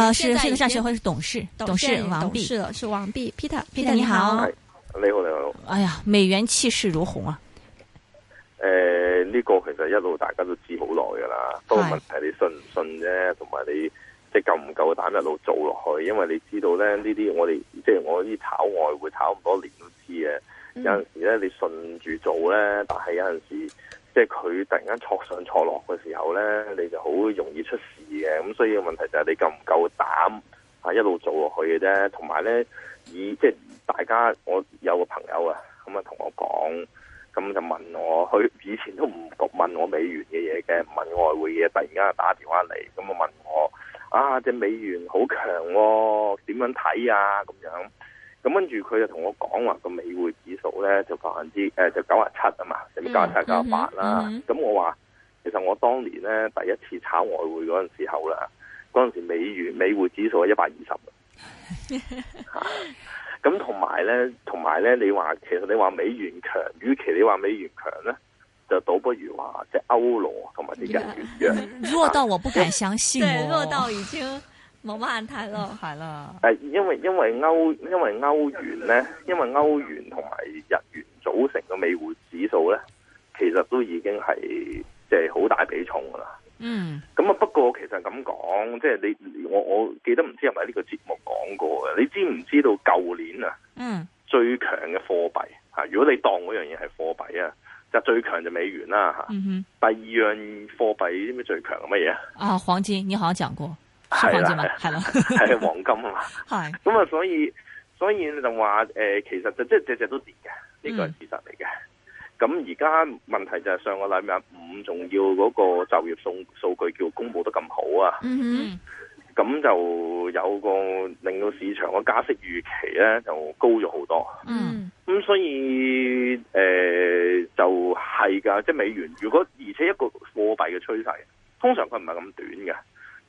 呃，是香港上學會是董事，董事王弼，是王弼 Peter，Peter 你好，你好你好。哎呀，美元氣勢如虹啊！誒、呃，呢、這個其實一路大家都知好耐噶啦，不過問題你信唔信啫，同埋你即係夠唔夠膽一路做落去，因為你知道咧呢啲我哋即係我啲炒外匯炒咁多年都知嘅，有陣時咧你順住做咧，但係有陣時。即係佢突然間錯上錯落嘅時候呢，你就好容易出事嘅，咁所以問題就係你夠唔夠膽啊一路做落去嘅啫。同埋呢，以即係大家，我有個朋友啊，咁啊同我講，咁就問我，佢以前都唔問我美元嘅嘢嘅，問外匯嘅，突然間打電話嚟，咁啊問我啊，隻美元好強喎，點樣睇啊，咁樣。咁跟住佢就同我講話個美匯指數咧，就百分之誒就九十七啊嘛，加七、加八啦。咁、嗯嗯、我話其實我當年咧，第一次炒外匯嗰陣時候啦，嗰陣時美元美匯指數係一百二十。咁同埋咧，同埋咧，你話其實你話美元強，與其你話美元強咧，就倒不如話即係歐羅同埋啲日元弱。弱到我不敢相信、哦， 對，弱到已經。冇乜眼睇咯，係、嗯、咯。誒、嗯，因為因為歐因為歐元咧，因為歐元同埋日元組成嘅美匯指數咧，其實都已經係即係好大比重噶啦。嗯。咁啊，不過其實咁講，即、就、係、是、你我我記得唔知係咪呢個節目講過嘅？你知唔知道舊年啊？嗯。最強嘅貨幣吓，如果你當嗰樣嘢係貨幣啊，就最強就美元啦吓、嗯。第二樣貨幣咩最強係乜嘢？啊，黃金，你好似講過。係啦，係咯，係 黃金啊嘛，係咁啊，所以所以就話誒，其實就即係只只都跌嘅，呢個係事實嚟嘅。咁而家問題就係上個禮拜五仲要嗰個就業數數據叫公布得咁好啊，咁、嗯、就有個令到市場嘅加息預期咧就高咗好多。嗯，咁所以誒、呃、就係、是、噶，即係美元。如果而且一個貨幣嘅趨勢，通常佢唔係咁短嘅。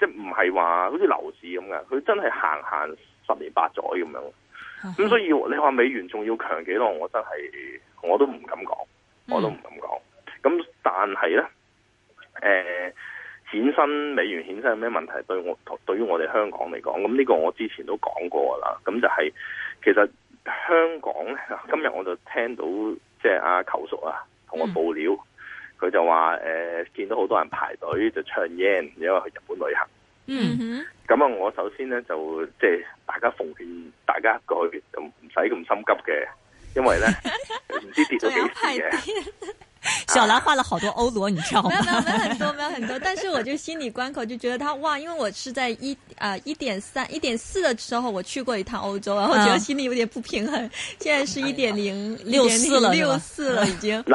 即係唔係話好似樓市咁嘅，佢真係行行十年八載咁樣。咁 所以你話美元仲要強幾多，我真係我都唔敢講，我都唔敢講。咁但係咧，誒、呃，衍生美元衍生有咩問題？對我對於我哋香港嚟講，咁呢個我之前都講過啦。咁就係、是、其實香港今日我就聽到即係阿球叔啊同、啊、我報料。 佢就話誒、呃、見到好多人排隊就唱 yen，因為去日本旅行。嗯哼。咁啊，我首先咧就即係大家奉勸大家改變就唔使咁心急嘅，因為咧唔 知道跌咗幾錢小蘭畫了好多歐羅，你知道嗎？ 沒有沒有很多，沒有很多，但是我就心理關口，就覺得佢哇，因為我是在一啊一點三一點四的時候我去過一趟歐洲，然、啊、後覺得我心理有點不平衡。現在是一點零六四了。六四了已經。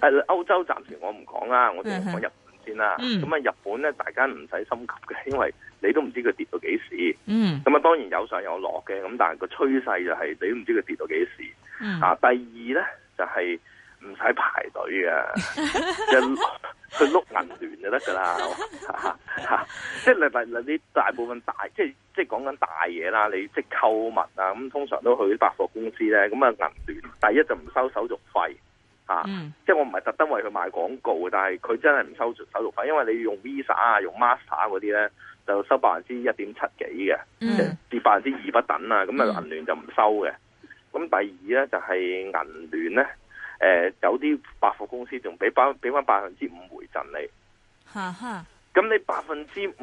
誒歐洲暫時我唔講啦，我哋講日本先啦。咁、嗯、啊日本咧，大家唔使心急嘅，因為你都唔知佢跌到幾時。咁、嗯、啊當然有上有落嘅，咁但係個趨勢就係你都唔知佢跌到幾時、嗯。啊，第二咧就係唔使排隊嘅、 就係啊啊啊，就去碌銀聯就得噶啦。即係你大部分大即係即係講緊大嘢啦，你即係購物啊，咁、嗯、通常都去啲百貨公司咧，咁啊銀聯第一就唔收手續費。啊！嗯、即係我唔係特登為佢賣廣告，但係佢真係唔收手續費，因為你要用 Visa 啊，用 Master 嗰啲咧就收百分之一點七幾嘅，跌百分之二不等啦。咁啊銀聯就唔收嘅。咁第二咧就係銀聯咧，誒、呃、有啲百貨公司仲俾翻俾翻百分之五回贈你。咁你百分之五，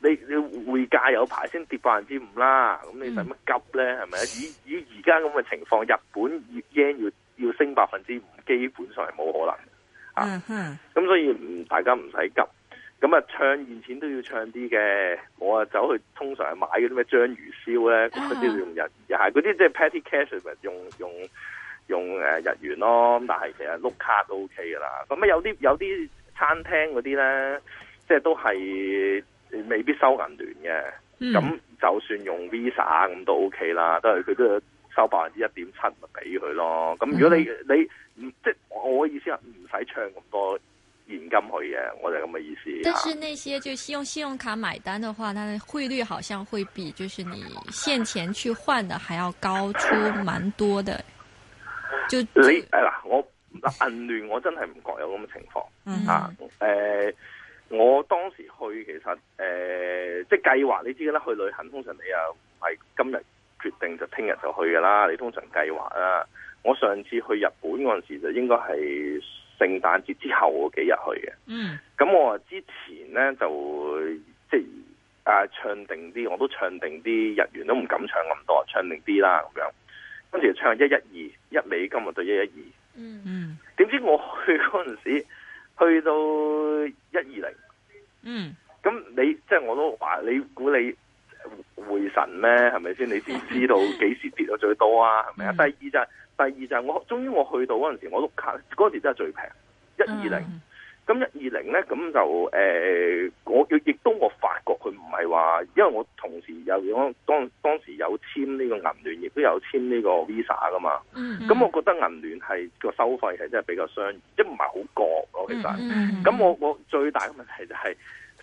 你價你匯價有排先跌百分之五啦。咁你使乜急咧？係咪？以以而家咁嘅情況，日本越 y e 越，越要升百分之五，基本上係冇可能的、mm-hmm. 啊！咁所以唔大家唔使急，咁啊，唱現錢都要唱啲嘅。我啊走去通常係買嗰啲咩章魚燒咧，嗰啲用日，係嗰啲即係 petty cash 咪用用用誒日元咯。咁但係其實碌卡都 OK 噶啦。咁啊有啲有啲餐廳嗰啲咧，即、就、係、是、都係未必收銀聯嘅。咁、mm-hmm. 就算用 Visa 咁都 OK 啦，都係佢都。有。收百分之一點七咪俾佢咯，咁如果你、嗯、你唔即係我嘅意思係唔使唱咁多現金去嘅，我就咁嘅意思。但是那些就用信用卡買單的話，它的匯率好像會比就是你現錢去換的還要高出蠻多的。就，就你嗱，我嗱銀聯我真係唔覺有咁嘅情況、嗯、啊！誒、呃，我當時去其實誒、呃，即係計劃你知嘅啦，去旅行通常你又唔係今日。決定就聽日就去嘅啦，你通常計劃啊，我上次去日本嗰陣時就應該係聖誕節之後嗰幾日去嘅。嗯，咁我之前呢，就即係、就是、啊唱定啲，我都唱定啲日元都唔敢唱咁多，唱定啲啦咁樣。跟住唱一一二一美金就一一二，嗯嗯。點知我去嗰陣時，去到一二零，嗯。咁你即係、就是、我都話你估你？回神咩？係咪先？你先知道幾時跌到最多啊？係咪啊？第二就係、是，第二就係我終於我去到嗰陣時候，我碌卡嗰時真係最平，一二零。咁一二零咧，咁就誒，我亦都我發覺佢唔係話，因為我同時又有當當時有簽呢個銀聯，亦都有簽呢個 Visa 噶嘛。咁、嗯嗯、我覺得銀聯係個收費係真係比較相，即係唔係好割咯其實。咁、嗯嗯嗯、我我最大嘅問題就係、是。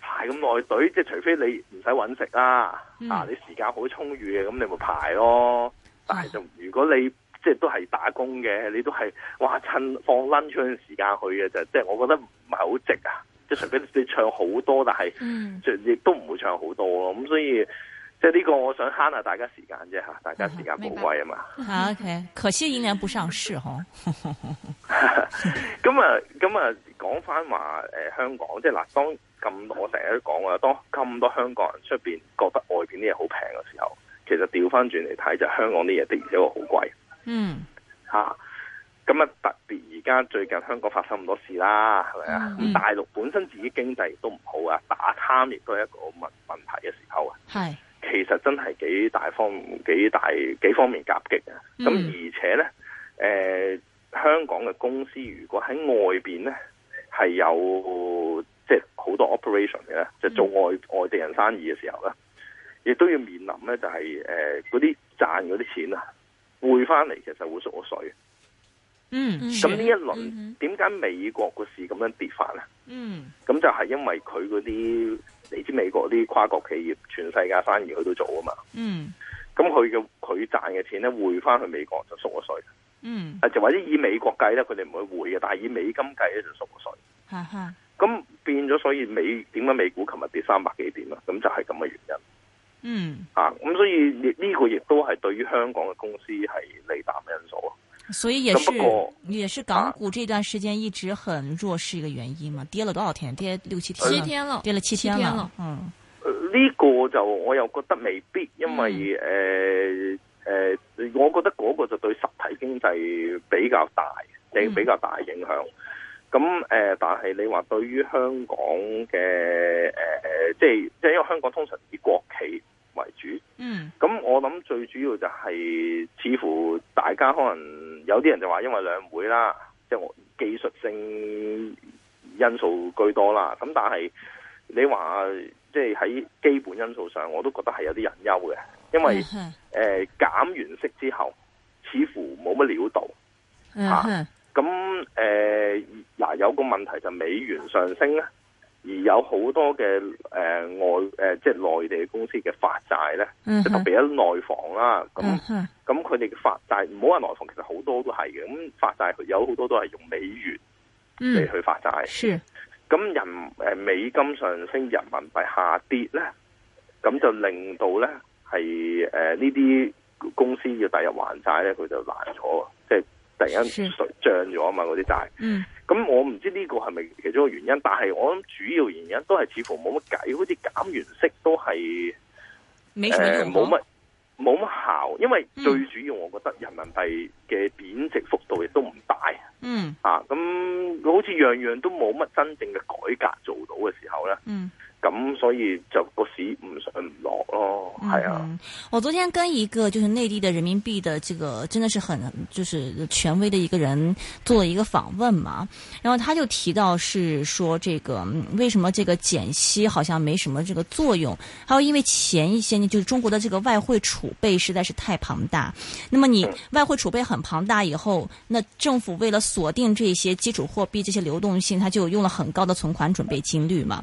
排咁耐隊，即係除非你唔使揾食啦，啊，你時間好充裕嘅，咁你咪排咯。但係就如果你即係都係打工嘅，你都係話趁放 lunch 嗰陣時間去嘅就，即係我覺得唔係好值啊。即係除非你，你唱好多，但係，嗯，就亦都唔會唱好多咯。咁所以。即係呢個，我想慳下大家時間啫吓，大家時間寶貴啊嘛。OK，可惜依然不上市嗬。咁啊，咁啊，講翻話誒，香港即係嗱，當咁 我成日都講啊，當咁多香港人出邊覺得外邊啲嘢好平嘅時候，其實調翻轉嚟睇就是，香港啲嘢的而且確好貴。嗯、吓、啊、咁啊，特別而家最近香港發生咁多事啦，係咪啊？咁、嗯、大陸本身自己經濟都唔好啊，打貪亦都係一個問問題嘅時候啊。係、嗯。 其實真係幾大方面，幾大幾方面夾擊啊！咁而且咧，誒、mm. 呃，香港嘅公司如果喺外邊咧，係有即係好多 operation 嘅，即、就、係、是、做外外地人生意嘅時候咧，亦都要面臨咧，就係誒嗰啲賺嗰啲錢啊，匯翻嚟其實會縮水。嗯，咁呢一輪點解美國嘅市咁樣跌返？啊？嗯、咁、嗯嗯嗯、就係因為佢嗰啲你知美國啲跨國企業，全世界生意佢都做啊嘛。嗯，咁佢嘅佢賺嘅錢咧，匯翻去美國就縮咗稅。嗯，啊，就或者以美國計咧，佢哋唔會匯嘅，但係以美金計咧就縮咗稅。吓咁變咗，所以美點解美股琴日跌三百幾點啊？咁就係咁嘅原因。嗯，啊，咁所以呢個亦都係對於香港嘅公司係利淡嘅因素啊。所以也是也是港股這段時間一直很弱勢一個原因嘛，跌了多少天？跌六七天，七天，七天了，跌了七天了，天了嗯。呢、這個就我又覺得未必，因為誒誒、嗯呃呃，我覺得嗰個就對實體經濟比較大，你比較大影響。咁、嗯、誒、呃，但係你話對於香港嘅誒、呃，即係即係因為香港通常係國企。為主，嗯，咁我諗最主要就係似乎大家可能有啲人就話因為兩會啦，即係技術性因素居多啦，咁但係你話即係喺基本因素上，我都覺得係有啲隱憂嘅，因為誒、嗯呃、減完息之後似乎冇乜料到，吓、嗯，咁誒嗱有個問題就美元上升咧。而有好多嘅誒、呃、外誒、呃、即係內地公司嘅發債咧，即、mm-hmm. 係特別係內房啦。咁咁佢哋嘅發債，唔好話內房，其實好多都係嘅。咁發債有好多都係用美元嚟去發債。咁、mm-hmm. 人誒、呃、美金上升，人民幣下跌咧，咁就令到咧係誒呢啲、呃、公司要第日還債咧，佢就難咗啊！即係。突然間水漲咗啊嘛，嗰啲債。嗯。咁我唔知呢個係咪其中一個原因，但係我諗主要原因都係似乎冇乜計，好似減完息都係誒冇乜冇乜效，因為最主要我覺得人民幣嘅貶值幅度亦都唔大。嗯。啊，咁好似樣樣都冇乜真正嘅改革做到嘅時候咧。嗯。咁所以就個市唔上唔落咯，係啊。我昨天跟一個就是內地的人民幣的這個真的是很就是權威的一個人做了一個訪問嘛，然後他就提到是說這個為什麼這個減息好像沒什麼這個作用，還有因為前一些年，就是中國的這個外匯儲備實在是太龐大，那麼你外匯儲備很龐大以後，那政府為了鎖定這些基礎貨幣這些流動性，他就用了很高的存款準備金率嘛。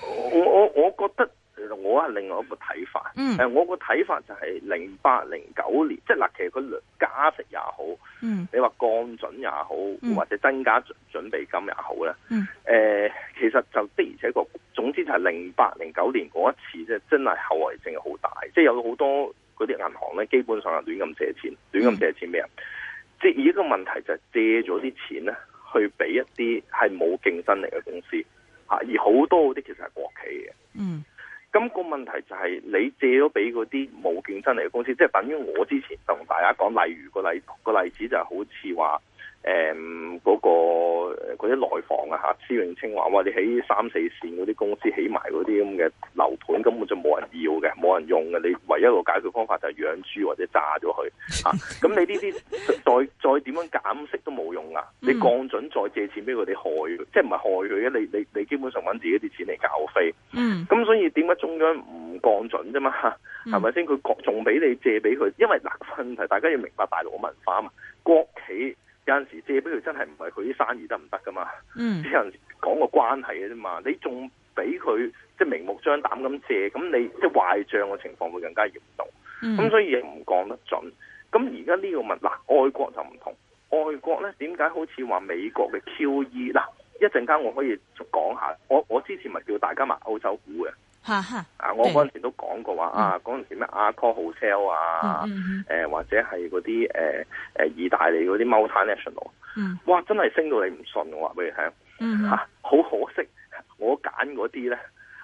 我係另外一個睇法，誒、嗯呃，我個睇法就係零八零九年，即係嗱，其實佢加息也好，嗯、你話降準也好、嗯，或者增加準備金也好咧，誒、嗯呃，其實就的而且確，總之就係零八零九年嗰一次咧，真係後遺症好大，即係有好多嗰啲銀行咧，基本上係亂咁借錢，亂咁借錢俾人。即係而家個問題就係借咗啲錢咧，去俾一啲係冇競爭力嘅公司吓，而好多嗰啲其實係國企嘅。咁個問題就係你借咗俾嗰啲冇競爭力嘅公司，即係等於我之前同大家講，例如個例個例子就係好似話。誒、嗯、嗰、那個嗰啲內房啊，吓，施永青話：話你喺三四線嗰啲公司起埋嗰啲咁嘅樓盤，根本就冇人要嘅，冇人用嘅。你唯一,一個解決方法就係養豬或者炸咗佢。咁你呢啲再再點樣減息都冇用啊！你降準再借錢俾佢哋害、嗯，即係唔係害佢嘅？你你你基本上搵自己啲錢嚟搞飛。嗯，咁所以點解中央唔降準啫嘛？係咪先？佢降仲俾你借俾佢？因為嗱，問題大家要明白大陸嘅文化啊嘛，國企。陣時借，俾佢真係唔係佢啲生意得唔得噶嘛？嗯，啲人講個關係嘅啫嘛，你仲俾佢即係明目張膽咁借，咁你即係壞賬嘅情況會更加嚴重。嗯，咁所以唔講得準。咁而家呢個問，嗱，外國就唔同，外國咧點解好似話美國嘅 QE？嗱，一陣間我可以講下，我我之前咪叫大家買歐洲股嘅。吓 啊！我嗰時都講過話啊，嗰陣時咩阿 Call 科豪 l 啊，誒或者係嗰啲誒誒意大利嗰啲 Multinational 哇真係升到你唔信！我話俾你聽，吓、啊、好可惜，我揀嗰啲咧，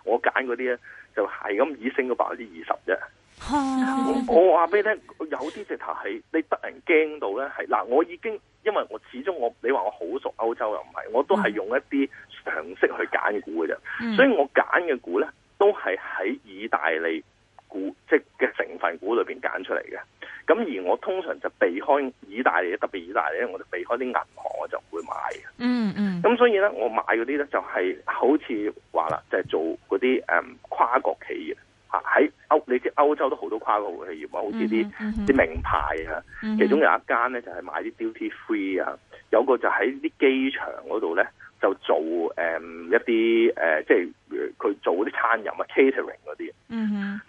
我揀嗰啲咧就係咁只升到百分之二十啫。我我話俾你聽，有啲直頭係你人怕得人驚到咧，係、啊、嗱，我已經因為我始終我你話我好熟歐洲又唔係，我都係用一啲常識去揀嘅股嘅啫， 所以我揀嘅股咧。都係喺意大利股即係嘅成分股裏邊揀出嚟嘅，咁而我通常就避開意大利，特別意大利，我就避開啲銀行，我就唔會買。嗯嗯。咁所以咧，我買嗰啲咧就係、是、好似話啦，就係、是、做嗰啲誒跨國企業吓，喺歐你知歐洲都好多跨國企業，好似啲啲名牌啊、嗯嗯嗯，其中有一間咧就係買啲 duty free 啊，有個就喺啲機場嗰度咧。就做誒、嗯、一啲誒、呃，即係佢做嗰啲餐飲啊、catering 嗰啲。嗯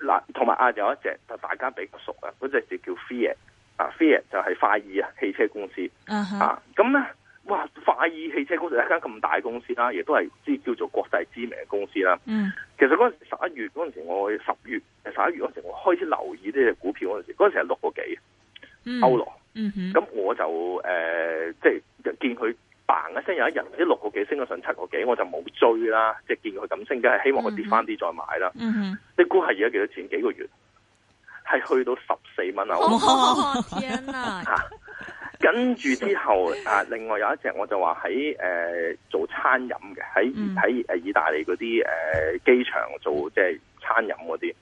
嗱，同埋啊，有一隻就大家比較熟啊，嗰隻叫 Fiat、uh, Fiat 就叫 Fiat 啊，Fiat 就係快意啊，汽車公司、uh-huh. 啊。咁咧，哇，快意汽車公司一間咁大公司啦，亦都係即叫做國際知名嘅公司啦。嗯、mm-hmm.，其實嗰陣十一月嗰陣時我，我十月、十一月嗰陣時，我開始留意呢隻股票嗰陣時，嗰陣時係六個幾歐羅。嗯、mm-hmm. 咁我就誒，即、呃、係、就、見佢。行一聲有一日，啲六個幾升到上七個幾，我就冇追啦。即係見佢咁升，梗係希望佢跌翻啲再買啦。你估係而家幾多錢？幾個月係去到十四蚊啊！天啊！嚇，跟住之後啊，另外有一隻我就話喺誒做餐飲嘅，喺喺誒意大利嗰啲誒機場做即係餐飲嗰啲。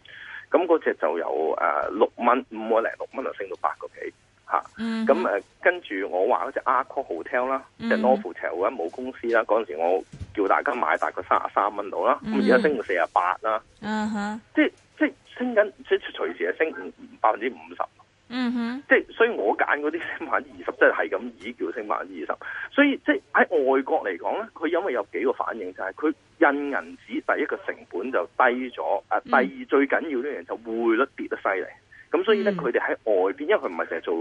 咁嗰隻就有誒六蚊五個零六蚊就升到八個幾。吓、嗯，咁、啊、誒跟住我話嗰隻 Accor Hotel 啦，即係 Novotel 嗰間母公司啦，嗰、那、陣、個、時候我叫大家買大概三啊三蚊度啦，咁而家升到四啊八啦，嗯哼，即係即係升緊，即係隨時係升百分之五十，嗯哼，即係所以我揀嗰啲升百分之二十，即係係咁以叫升百分之二十，所以即係喺外國嚟講咧，佢因為有幾個反應就係、是、佢印銀紙，第一個成本就低咗，啊，第二、嗯、最緊要呢樣就匯率跌得犀利。咁所以咧，佢哋喺外邊，因為佢唔係成日做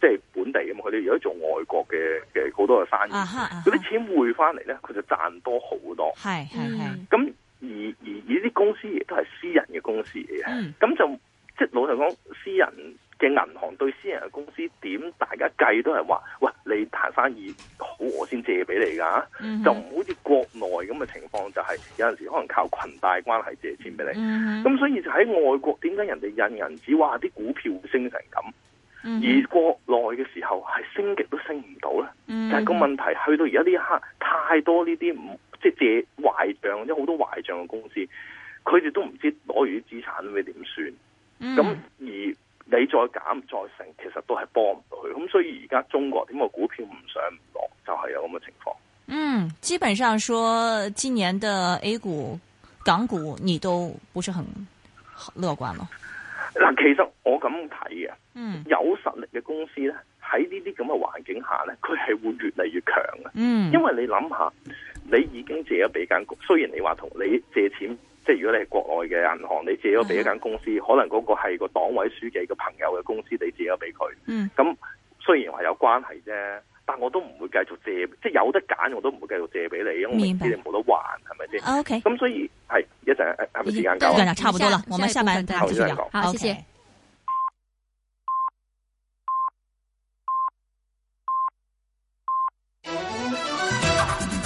即係、就是、本地啊嘛，佢哋而家做外國嘅嘅好多嘅生意，嗰、uh-huh, 啲、uh-huh。錢匯翻嚟咧，佢就賺多好多。係係係。咁而而呢啲公司亦都係私人嘅公司嚟嘅，咁、mm。就即係老實講，私人。嘅銀行對私人嘅公司點大家計都係話，喂，你盤生意好，我先借俾你噶，啊，mm-hmm. 就唔好似國內咁嘅情況，就係、是、有陣時候可能靠裙帶關係借錢俾你。咁、mm-hmm. 所以就喺外國，點解人哋印銀紙，哇！啲股票會升成咁，mm-hmm. 而國內嘅時候係升極都升唔到咧。但、mm-hmm. 係個問題去到而家呢一刻，太多呢啲唔即係借壞帳，即、就、好、是、多壞帳嘅公司，佢哋都唔知攞完啲資產會點算。咁、mm-hmm. 而你再減再剩，其實都係幫唔到佢。咁所以而家中國點解股票唔上唔落，就係、是、有咁嘅情況。嗯，基本上說今年的 A 股、港股，你都不是很樂觀咯。嗱，其實我咁睇啊，嗯，有實力嘅公司咧，喺呢啲咁嘅環境下咧，佢係會越嚟越強嘅。嗯，因為你諗下，你已經借咗俾間股，雖然你話同你借錢。即係如果你係國內嘅銀行，你借咗俾一間公司，uh-huh. 可能嗰個係個黨委書記嘅朋友嘅公司，你借咗俾佢。嗯、uh-huh.，咁雖然話有關係啫，但我都唔會繼續借，即係有得揀，我都唔會繼續借俾你，因為我唔知你冇得還，係咪先？O K，咁所以係一陣，係咪時間夠？對對，差唔多啦，我們下面再繼續講，好，okay. 謝謝。